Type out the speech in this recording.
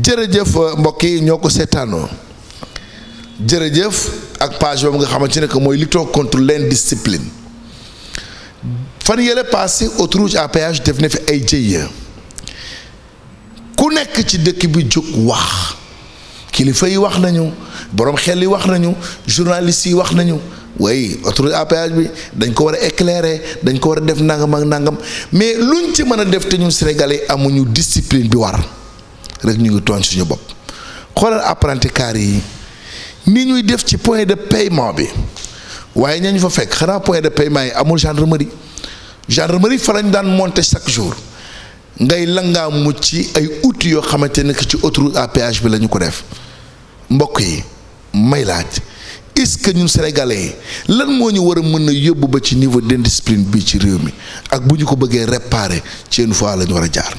jërëjëf euh, mbokk yi ñoo ko seetaanoo jërëjëf ak page boobu nga xamante ne que mooy luttons contre l'indiscipline fan yële passé autoroute à péage def na fi ay jëye ku nekk ci dëkk bi jóg wax kilifa yi wax nañu borom xel yi wax nañu journaliste yi wax nañu waaye autoroute à péage bi dañ ko war a éclairer dañ ko war a def nangam ak nangam mais luñ ci mën a def te ñun sénégalais amuñu discipline bi war. rek ñu ngi tooñ suñu bopp xoolal apprenti car yi ni ñuy def ci point de paiement bi waaye ñañ fa fekk xanaa point de paiement yi amul genre gendarmerie gendarmerie fa lañ daan monter chaque jour ngay langaa mucc ci ay outils yoo xamante ne que ci autoroute à bi la ñu ko def mbokk yi may laaj est-ce que ñun sénégalais lan moo ñu war mën a yóbbu ba ci niveau d'indiscipline bi ci réew mi ak bu ñu ko bëggee réparer ci une fois la ñu war a jaar.